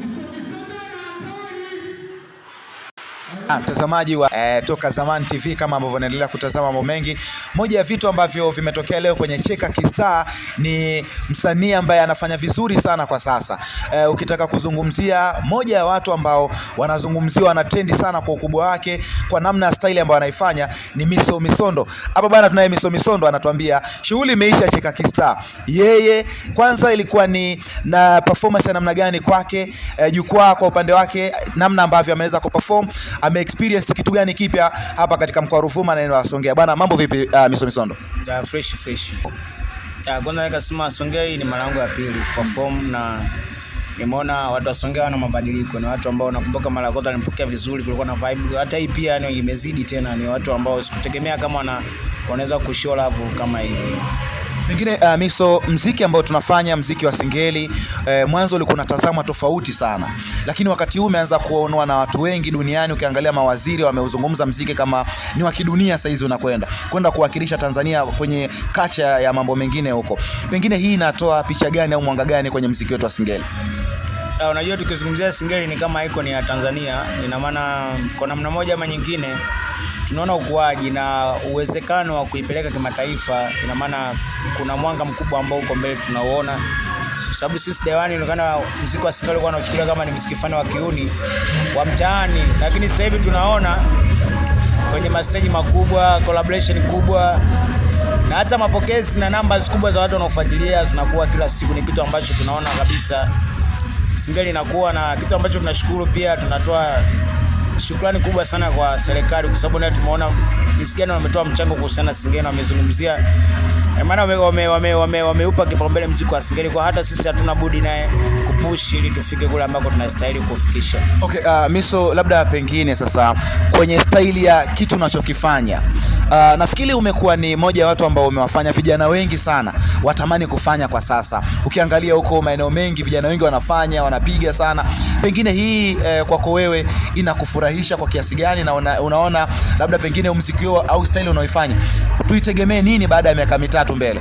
Mr. Ah, mtazamaji wa e, Toka Zamani TV, kama ambavyo naendelea kutazama mambo mengi, moja ya vitu ambavyo vimetokea leo kwenye Cheka Kistar ni msanii ambaye anafanya vizuri sana kwa sasa e, ukitaka kuzungumzia moja ya watu ambao wanazungumziwa na trendi sana kwa ukubwa wake, kwa namna ya staili ambayo anaifanya ni Miso Misondo. Hapa bwana, tunaye Miso Misondo anatuambia shughuli imeisha Cheka Kistar. Yeye kwanza ilikuwa ni na performance ya namna gani kwake, eh, jukwaa eh, kwa upande wake namna ambavyo ameweza kuperform ame umeexperience kitu gani kipya hapa katika mkoa wa Ruvuma na eneo la Songea? Bwana, mambo vipi? Uh, Miso Misondo. Yeah, fresh fresh. Yeah, kwanza naweza Songea hii ni mara yangu ya pili perform na nimeona watu wa Songea wana mabadiliko, ni watu ambao nakumbuka mara kwanza nilipokea vizuri, kulikuwa na vibe. Hata hii pia ni imezidi tena, ni watu ambao sikutegemea kama wanaweza kushow love kama hii Pengine uh, Miso, mziki ambao tunafanya mziki wa singeli eh, mwanzo ulikuwa unatazama tofauti sana, lakini wakati huu umeanza kuonwa na watu wengi duniani. Ukiangalia mawaziri wameuzungumza mziki kama ni wa kidunia, sasa hizi unakwenda kwenda kuwakilisha Tanzania kwenye kacha ya mambo mengine huko. Pengine hii inatoa picha gani au mwanga gani kwenye mziki wetu wa singeli? Uh, unajua tukizungumzia Singeli ni kama ikoni ya Tanzania, ina maana kwa namna moja ama nyingine tunaona ukuaji na uwezekano wa kuipeleka kimataifa. Ina maana kuna mwanga mkubwa ambao uko mbele tunauona, sababu sisi dewani inaonekana muziki wa Singeli ulikuwa unachukuliwa kama ni muziki fani wa kiuni wa mtaani, lakini sasa hivi tunaona kwenye masteji makubwa, collaboration kubwa na hata mapokezi na numbers kubwa za watu wanaofuatilia zinakuwa kila siku, ni kitu ambacho tunaona kabisa Singeli inakuwa na kitu ambacho tunashukuru. Pia tunatoa shukrani kubwa sana kwa serikali, kwa sababu naye tumeona jinsi gani wametoa mchango kuhusiana na Singeli, wamezungumzia eh, maana wameupa wame, wame, wame kipaumbele mziki wa Singeli, kwa hata sisi hatuna budi naye kupush ili tufike kule ambako tunastahili kufikisha. Okay, uh, Miso, labda pengine sasa kwenye staili ya kitu unachokifanya Uh, nafikiri umekuwa ni moja ya watu ambao umewafanya vijana wengi sana watamani kufanya kwa sasa. Ukiangalia huko maeneo mengi vijana wengi wanafanya, wanapiga sana. Pengine hii eh, kwako wewe inakufurahisha kwa kiasi gani na una, unaona labda pengine muziki au style unaoifanya tuitegemee nini baada ya miaka mitatu mbele?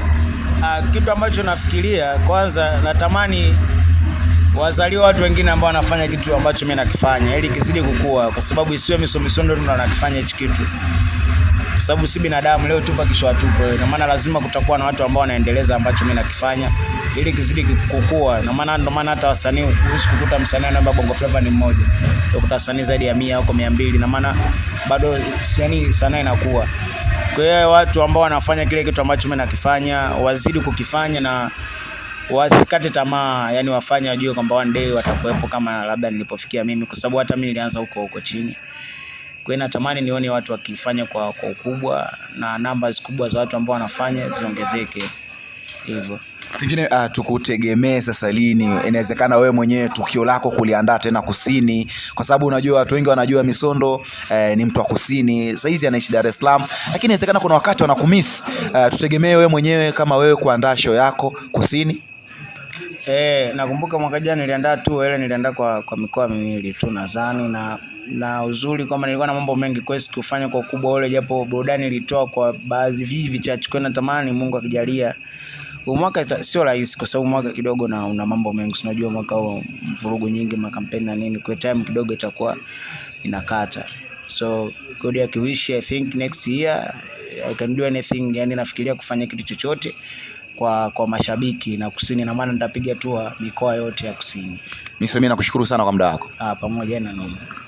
Uh, kitu ambacho nafikiria kwanza, natamani wazaliwa watu wengine ambao wanafanya kitu ambacho mimi nakifanya, ili kizidi kukua, kwa sababu isiwe misomisondo ndio nakifanya hichi kitu kwa sababu si binadamu leo tupa kishwa tupo. Na maana lazima kutakuwa na watu ambao wanaendeleza ambacho mimi nakifanya ili kizidi kukua. Na maana ndo maana hata wasanii huwezi kukuta msanii anaomba Bongo Flava ni mmoja, utakuta wasanii zaidi ya 100 au 200, na maana bado yani sanaa inakuwa. Kwa hiyo watu ambao wanafanya kile kitu ambacho mimi nakifanya wazidi kukifanya na wasikate tamaa, yani wafanye, wajue kwamba one day watakuwepo kama labda nilipofikia mimi, kwa sababu hata mimi nilianza huko huko chini. Kwa hiyo natamani nione watu wakifanya kwa, kwa ukubwa na namba kubwa za watu ambao wanafanya ziongezeke hivyo. Pengine uh, tukutegemee sasa lini? Inawezekana wewe mwenyewe tukio lako kuliandaa tena kusini, kwa sababu unajua watu wengi wanajua Misondo eh, ni mtu wa kusini, sasa hizi anaishi Dar es Salaam, lakini inawezekana kuna wakati wanakumiss. Uh, tutegemee wewe mwenyewe kama wewe kuandaa show yako kusini. Eh, nakumbuka mwaka jana niliandaa tu ile niliandaa kwa, kwa mikoa miwili tu nadhani, na na uzuri kwamba nilikuwa na mambo mengi kwa kufanya kwa ukubwa ule, japo burudani ilitoa kwa baadhi vivi vichache. Kwa natamani Mungu akijalia mwaka sio rahisi, kwa sababu mwaka kidogo na una mambo mengi. Unajua mwaka huo mvurugu nyingi, makampeni na nini, kwa time kidogo itakuwa inakata. So God akiwish, I think next year I can do anything. Yani nafikiria kufanya kitu chochote kwa, kwa mashabiki na kusini na maana nitapiga tua mikoa yote ya kusini. Mimi nakushukuru sana kwa muda wako. Ah, pamoja na nini.